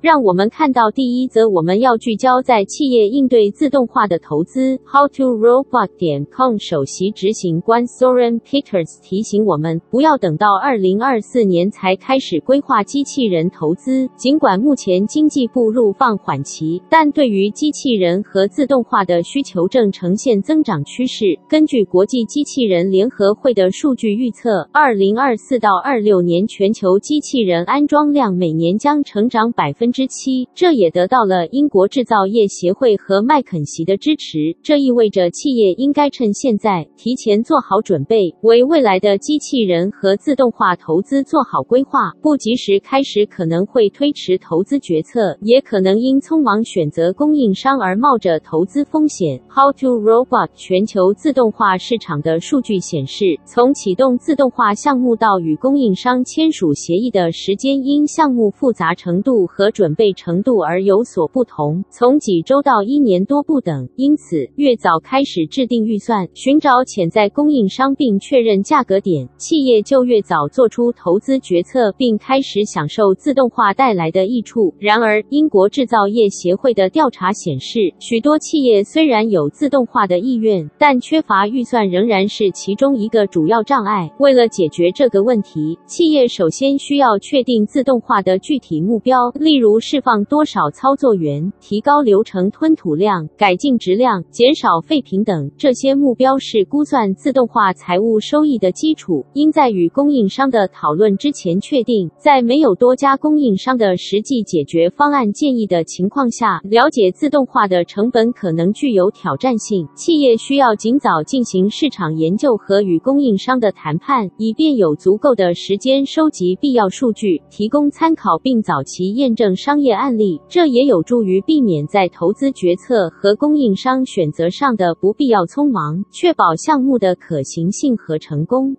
讓我們看到第一則，我們要聚焦在企業應對自動化的投資。HowToRobot 點 com 首席執行官 Soren Peters 提醒我們，不要等到2024年才開始規劃機器人投資。儘管目前經濟步入放緩期，但對於機器人和自動化的需求正呈現增長趨勢。根據國際機器人聯合會的數據預測，2024到26年，全球機器人安裝量每年將成長百分。之七，這也得到了英國製造業協會和麥肯錫的支持。這意味着企業應該趁現在提前做好準備，為未來的機器人和自動化投資做好規劃。不及時開始，可能會推遲投資決策，也可能因匆忙選擇供應商而冒着投資風險。How to Robot 全球自動化市場的數據顯示，從啟動自動化項目到與供應商簽署協議的時間，因項目複雜程度和準備程度而有所不同，從幾週到一年多不等。因此，越早開始制定預算、尋找潛在供應商並確認價格點，企業就越早做出投資決策，並開始享受自動化帶來的益處。然而，英國製造業協會的調查顯示，許多企業雖然有自動化的意願，但缺乏預算仍然是其中一個主要障礙。為了解決這個問題，企業首先需要確定自動化的具體目標，例如，如釋放多少操作員、提高流程吞吐量、改進質量、減少廢品等，這些目標是估算自動化財務收益的基礎，應在與供應商的討論之前確定。在沒有多家供應商的實際解決方案建議的情況下，了解自動化的成本可能具有挑戰性。企業需要盡早進行市場研究和與供應商的談判，以便有足夠的時間收集必要數據、提供參考並早期驗證。商業案例，這也有助於避免在投資決策和供應商選擇上的不必要匆忙，確保項目的可行性和成功。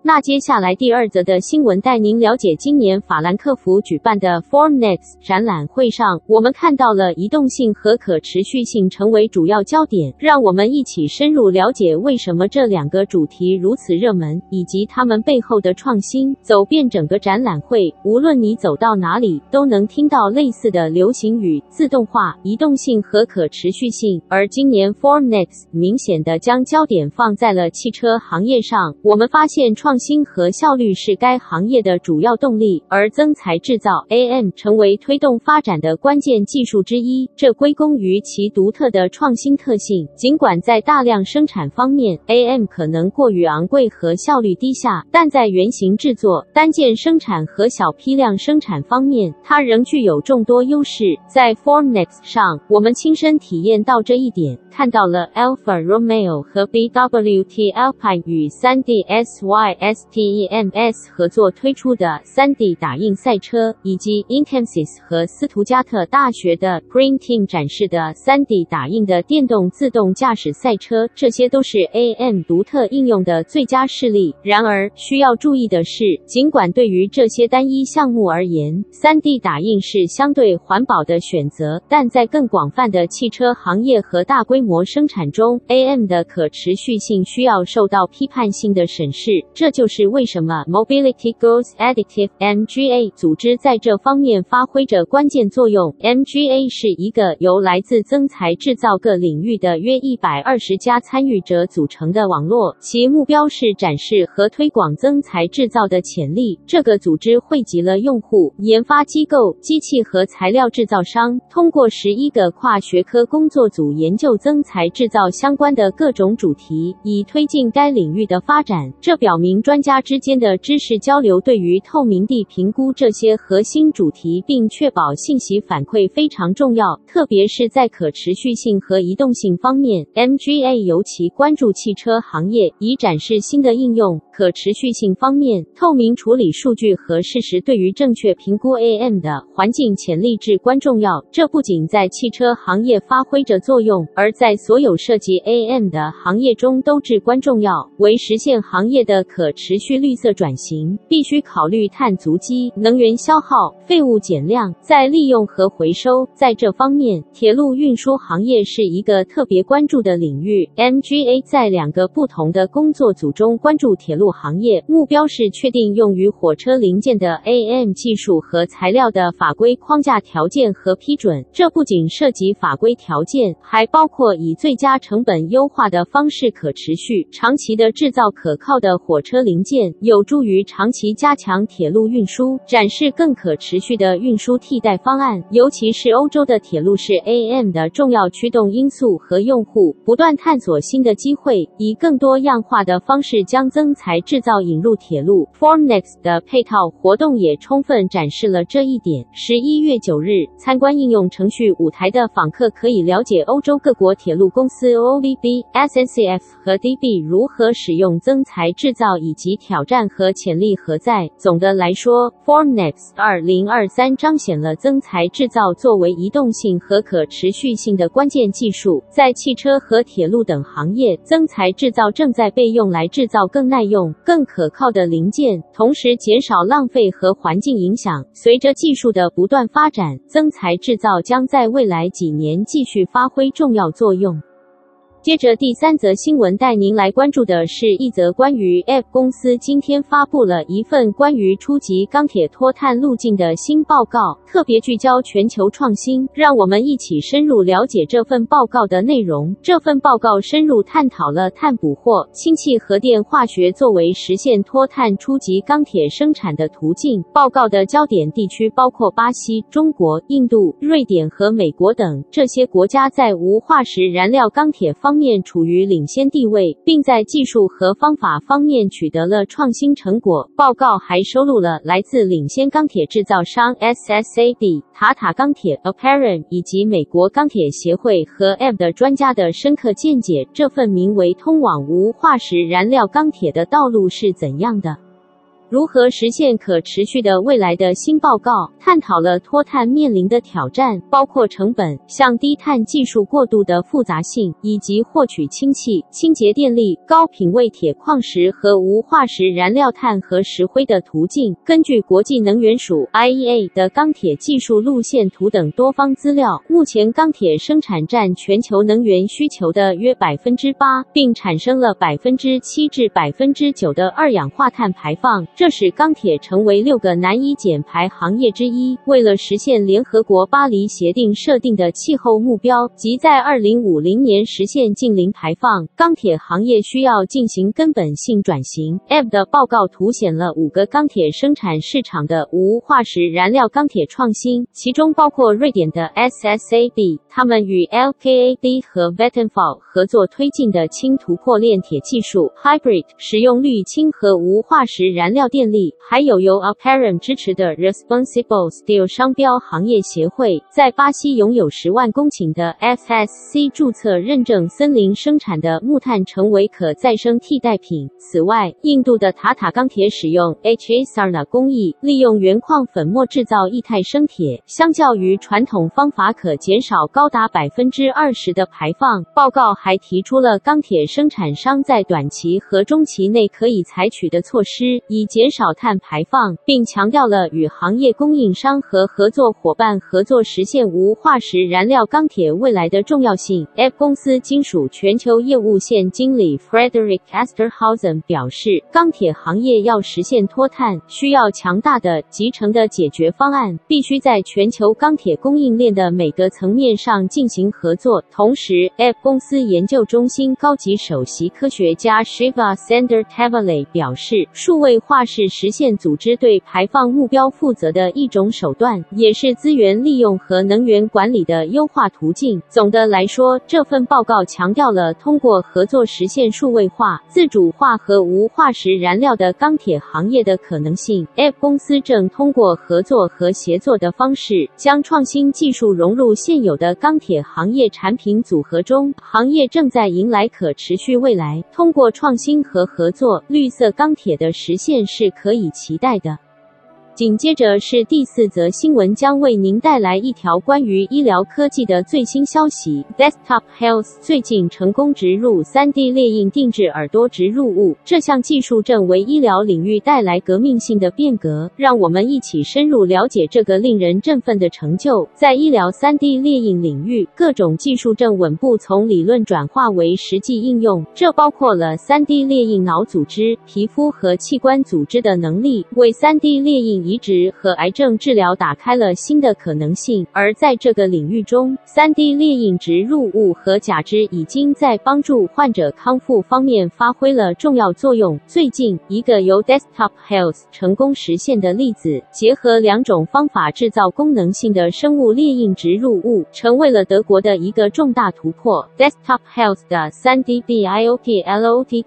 那接下來第二則的新聞帶您了解，今年法蘭克福舉辦的 Formnext 展覽會上，我們看到了移動性和可持續性成為主要焦點。讓我們一起深入了解為什麼這兩個主題如此熱門，以及它們背後的創新。走遍整個展覽會，無論你走到哪裡，都能聽到類似的流行語：自動化、移動性和可持續性。而今年 Formnext 明顯地將焦點放在了汽車行業上，我們發現創。創新和效率是該行業的主要動力，而增材製造 AM 成為推動發展的關鍵技術之一。這歸功於其獨特的創新特性。儘管在大量生產方面，AM 可能過於昂貴和效率低下，但在原型製作、單件生產和小批量生產方面，它仍具有眾多優勢。在 Formnext 上，我們親身體驗到這一點，看到了 Alfa Romeo 和 BWT Alpine 與 3DSY。STEMS 合作推出的 3D 打印賽車，以及 Intensys 和斯圖加特大學的 Green Team 展示的 3D 打印的電動自動駕駛賽車，這些都是 AM 獨特應用的最佳示例。然而，需要注意的是，儘管對於這些單一項目而言，3D 打印是相對環保的選擇，但在更廣泛的汽車行業和大規模生產中，AM 的可持續性需要受到批判性的審視。這這就是為什麼 Mobility goes Additive (MGA) 組織在這方面發揮着關鍵作用。MGA 是一個由來自增材製造各領域的約一百二十家參與者組成的網絡，其目標是展示和推廣增材製造的潛力。這個組織匯集了用戶、研發機構、機器和材料制造商，通過十一個跨學科工作組研究增材製造相關的各種主題，以推進該領域的發展。這表明，專家之間的知識交流對於透明地評估這些核心主題並確保信息反饋非常重要，特別是在可持續性和移動性方面。MGA 尤其關注汽車行業，以展示新的應用。可持續性方面，透明處理數據和事實對於正確評估 AM 的環境潛力至關重要。這不僅在汽車行業發揮着作用，而在所有涉及 AM 的行業中都至關重要。為實現行業的可可持續綠色轉型必須考慮碳足跡、能源消耗、廢物減量、再利用和回收，在這方面，鐵路運輸行業是一個特別關注的領域。MGA 在兩個不同的工作組中關注鐵路行業，目標是確定用於火車零件的 AM 技術和材料的法規框架條件和批准。這不僅涉及法規條件，還包括以最佳成本優化的方式可持續、長期的制造可靠的火車零件，有助於長期加強鐵路運輸，展示更可持續。持續的運輸替代方案，尤其是歐洲的鐵路是 AM 的重要驅動因素和用戶，不斷探索新的機會，以更多樣化的方式將增材制造引入鐵路。Formnext 的配套活動也充分展示了這一點。十一月九日，參觀應用程序舞台的訪客可以了解歐洲各國鐵路公司 OVB、SNCF 和 DB 如何使用增材制造，以及挑戰和潛力何在。總的來說，Formnext 20。二三彰顯了增材製造作為移動性和可持續性的關鍵技術，在汽車和鐵路等行業，增材製造正在被用來製造更耐用、更可靠的零件，同時減少浪費和環境影響。隨着技術的不斷發展，增材製造將在未來幾年繼續發揮重要作用。接着第三則新聞，帶您來關注的是一則關於 ABB 公司今天發布了一份關於初級鋼鐵脫碳路徑的新報告，特別聚焦全球創新。讓我們一起深入了解這份報告的內容。這份報告深入探討了碳捕獲、氫氣和電化學作為實現脫碳初級鋼鐵生產的途徑。報告的焦點地區包括巴西、中國、印度、瑞典和美國等，這些國家在無化石燃料鋼鐵發方面處於領先地位，並在技術和方法方面取得了創新成果。報告還收錄了來自領先鋼鐵製造商 SSAB 塔塔鋼鐵、Aperam 以及美國鋼鐵協會和 ABB 的專家的深刻見解。這份名為《通往無化石燃料鋼鐵的道路是怎樣的》，如何實現可持續的未來的新報告探討了脫碳面臨的挑戰，包括成本、向低碳技術過渡的複雜性，以及獲取氫氣、清潔電力、高品位鐵礦石和無化石燃料碳和石灰的途徑。根據國際能源署 （IEA） 的鋼鐵技術路線圖等多方資料，目前鋼鐵生產占全球能源需求的約百分之八，並產生了百分之七至百分之九的二氧化碳排放。這使鋼鐵成為六個難以減排行業之一。為了實現聯合國巴黎協定設定的氣候目標，即在二零五零年實現淨零排放，鋼鐵行業需要進行根本性轉型。ABB 的報告凸顯了五個鋼鐵生產市場的無化石燃料鋼鐵創新，其中包括瑞典的 SSAB，他們與 LKAB 和 Vattenfall 合作推進的氫突破煉鐵技術 Hybrid，使用綠氫和無化石燃料。電力，還有由 Aperam 支持的 Responsible Steel 商標行業協會，在巴西擁有十萬公頃的 FSC 注冊認證森林生產的木炭成為可再生替代品。此外，印度的塔塔鋼鐵使用 HIsarna 工藝，利用原礦粉末制造液態生鐵，相較於傳統方法可減少高達百分之二十的排放。報告還提出了鋼鐵生產商在短期和中期內可以採取的措施，以及。減少碳排放，並強調了與行業供應商和合作夥伴合作實現無化石燃料鋼鐵未來的重要性。F 公司金屬全球業務線經理 Frederick Asterhausen 表示：“鋼鐵行業要實現脫碳，需要強大的集成的解決方案，必須在全球鋼鐵供應鏈的每個層面上進行合作。”同時，F 公司研究中心高級首席科學家 Shiva Sander Tavale 表示：“數位化。”是實現組織對排放目標負責的一種手段，也是資源利用和能源管理的優化途徑。總的來說，這份報告強調了通過合作實現數位化、自主化和無化石燃料的鋼鐵行業的可能性。ABB 公司正通過合作和協作的方式，將創新技術融入現有的鋼鐵行業產品組合中，行業正在迎來可持續未來，通過創新和合作，綠色鋼鐵的實現是。是可以期待的。緊接着是第四則新聞，將為您帶來一條關於醫療科技的最新消息。Desktop Health 最近成功植入 3D 列印定制耳朵植入物，這項技術正為醫療領域帶來革命性的變革。讓我們一起深入了解這個令人振奮的成就。在醫療 3D 列印領域，各種技術正穩步從理論轉化為實際應用，這包括了 3D 列印腦組織、皮膚和器官組織的能力，為 3D 列印，移植和癌症治療打開了新的可能性，而在這個領域中，3D 列印植入物和假肢已經在幫助患者康復方面發揮了重要作用。最近，一個由 Desktop Health 成功實現的例子，結合兩種方法制造功能性的生物列印植入物，成為了德國的一個重大突破。Desktop Health 的 3D Bioplotter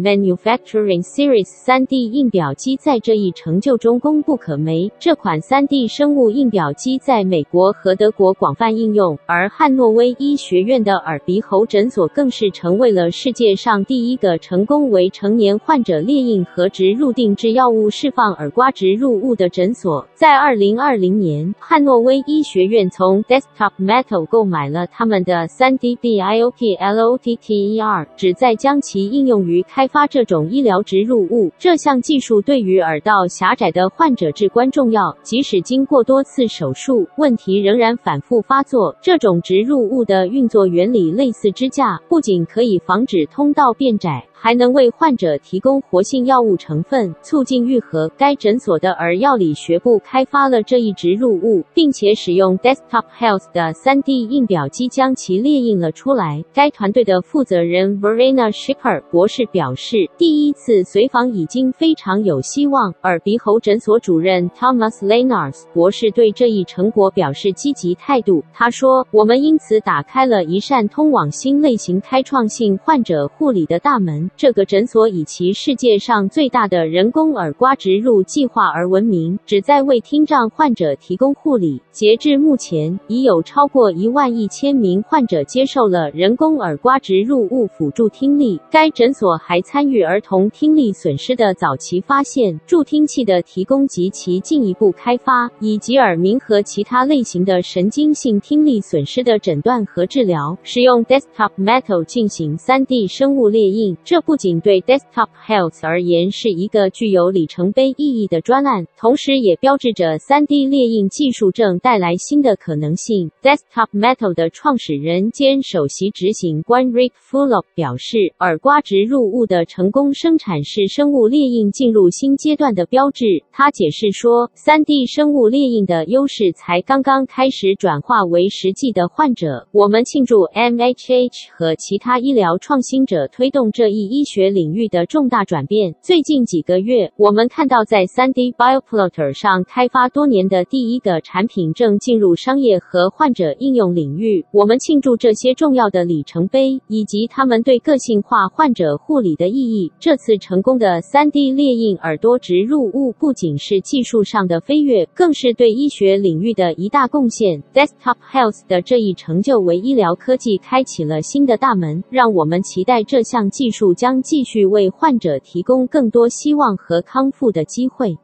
Manufacturing Series 3D 印表機在這一成就中功。功不可沒，這款 3D 生物印表機在美國和德國廣泛應用，而漢諾威醫學院的耳鼻喉診所更是成為了世界上第一個成功為成年患者列印和植入定制藥物釋放耳蝸植入物的診所。在2020年，漢諾威醫學院從 Desktop Metal 購買了他們的 3D Bioplotter，旨在將其應用於開發這種醫療植入物。這項技術對於耳道狹窄的患患者至關重要，即使經過多次手術，問題仍然反覆發作。這種植入物的運作原理類似支架，不僅可以防止通道變窄，還能為患者提供活性藥物成分，促進愈合。該診所的耳藥理學部開發了這一植入物，並且使用 Desktop Health 的 3D 印表機將其列印了出來。該團隊的負責人 Verena Schipper 博士表示，第一次隨訪已經非常有希望。耳鼻喉診所主任 Thomas Lenars 博士對這一成果表示積極態度。他說：“我們因此打開了一扇通往新類型開創性患者護理的大門。”這個診所以其世界上最大的人工耳蝸植入計劃而聞名，旨在為聽障患者提供護理。截至目前，已有超過一萬一千名患者接受了人工耳蝸植入物輔助聽力。該診所還參與兒童聽力損失的早期發現、助聽器的提供及其進一步開發，以及耳鳴和其他類型的神經性聽力損失的診斷和治療。使用 Desktop Metal 進行三 D 生物列印。這不僅對 Desktop Health 而言是一個具有里程碑意義的專案，同時也標誌着 3D 列印技術正帶來新的可能性。Desktop Metal 的創始人兼首席執行官 Rick Fulop 表示：“耳蝸植入物的成功生產是生物列印進入新階段的標誌。”他解釋說：“3D 生物列印的優勢才剛剛開始轉化為實際的患者。”我們慶祝 MHH 和其他醫療創新者推動這一。醫學領域的重大轉變。最近幾個月，我們看到在 3D Bioplotter 上開發多年的第一個產品正進入商業和患者應用領域。我們慶祝這些重要的里程碑，以及他們對個性化患者護理的意義。這次成功的 3D 列印耳朵植入物不僅是技術上的飛躍，更是對醫學領域的一大貢獻。Desktop Health 的這一成就為醫療科技開啟了新的大門，讓我們期待這項技術。將繼續為患者提供更多希望和康復的機會。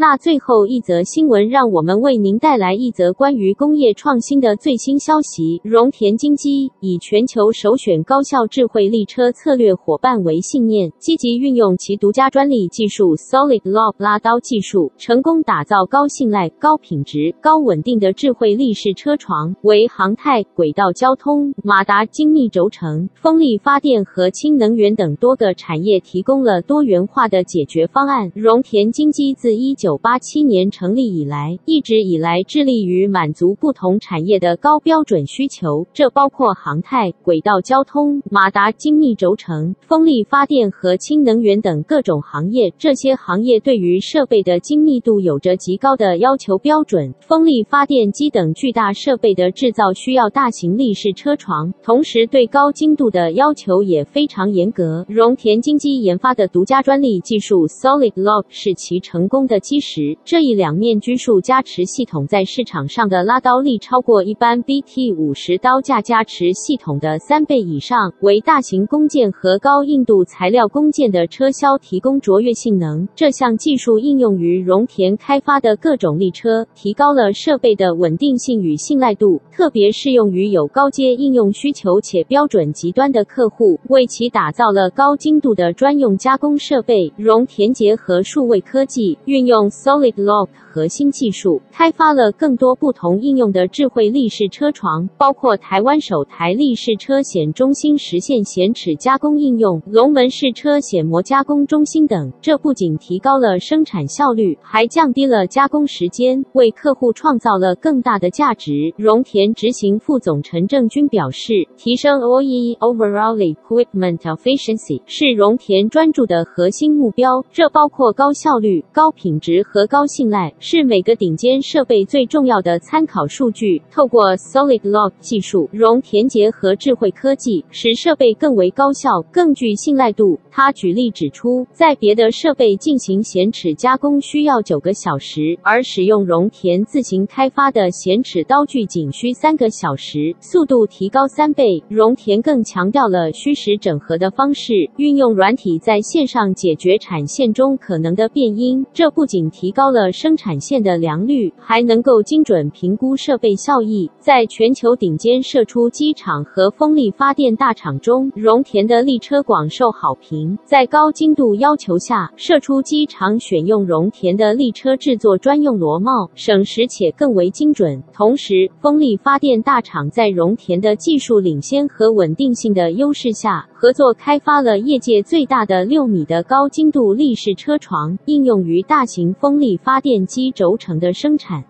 那最後一則新聞，讓我們為您帶來一則關於工業創新的最新消息。榮田精機以“全球首選高效智慧立車策略夥伴”為信念，積極運用其獨家專利技術 Solid Lock 拉刀技術，成功打造高信賴、高品質、高穩定的智慧立式車床，為航太、軌道交通、馬達精密軸承、風力發電和氫能源等多個產業提供了多元化的解決方案。榮田精機自一九九八七年成立以來，一直以來致力於滿足不同產業的高標準需求，這包括航太、軌道交通、馬達、精密軸承、風力發電和氫能源等各種行業。這些行業對於設備的精密度有着極高的要求標準。風力發電機等巨大設備的制造需要大型立式車床，同時對高精度的要求也非常嚴格。榮田精機研發的獨家專利技術 Solid Lock 是其成功的基。時，這一兩面拘束夾持系統在市場上的拉刀力超過一般 BT 五十刀架夾持系統的三倍以上，為大型工件和高硬度材料工件的車削提供卓越性能。這項技術應用於榮田開發的各種立車，提高了設備的穩定性與信賴度，特別適用於有高階應用需求且標準極端的客戶，為其打造了高精度的專用加工設備。榮田結合數位科技，運用。Solid Lock 核心技術開發了更多不同應用的智慧立式車床，包括台灣首台立式車銑中心，實現銑齒加工應用、龍門式車銑磨加工中心等。這不僅提高了生產效率，還降低了加工時間，為客戶創造了更大的價值。榮田執行副總陳正軍表示：“提升 OE, Overall Equipment Efficiency 是榮田專注的核心目標，這包括高效率、高品質。”和高信賴是每個頂尖設備最重要的參考數據。透過 Solid-lock 技術，榮田結合智慧科技，使設備更為高效、更具信賴度。他舉例指出，在別的設備進行銑齒加工需要九個小時，而使用榮田自行開發的銑齒刀具，僅需三個小時，速度提高三倍。榮田更強調了虛實整合的方式，運用軟體在線上解決產線中可能的變因。這不僅提高了生產線的良率，還能夠精準評估設備效益。在全球頂尖射出機廠和風力發電大廠中，榮田的立車廣受好評。在高精度要求下，射出機廠選用榮田的立車制作專用螺帽，省時且更為精準。同時，風力發電大廠在榮田的技術領先和穩定性的優勢下，合作開發了業界最大的六米的高精度立式車床，應用於大型風力發電機軸承的生產。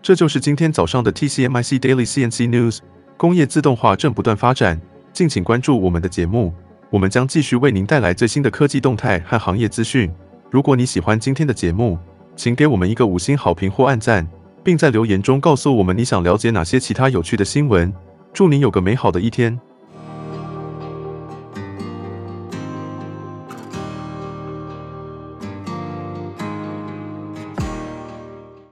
這就是今天早上的 TCMIC Daily CNC News。工業自動化正不斷發展，敬請關注我們的節目。我們將繼續為您帶來最新的科技動態和行業資訊。如果你喜歡今天的節目，請給我們一個五星好評或按讚，並在留言中告訴我們你想了解哪些其他有趣的新聞。祝您有個美好的一天！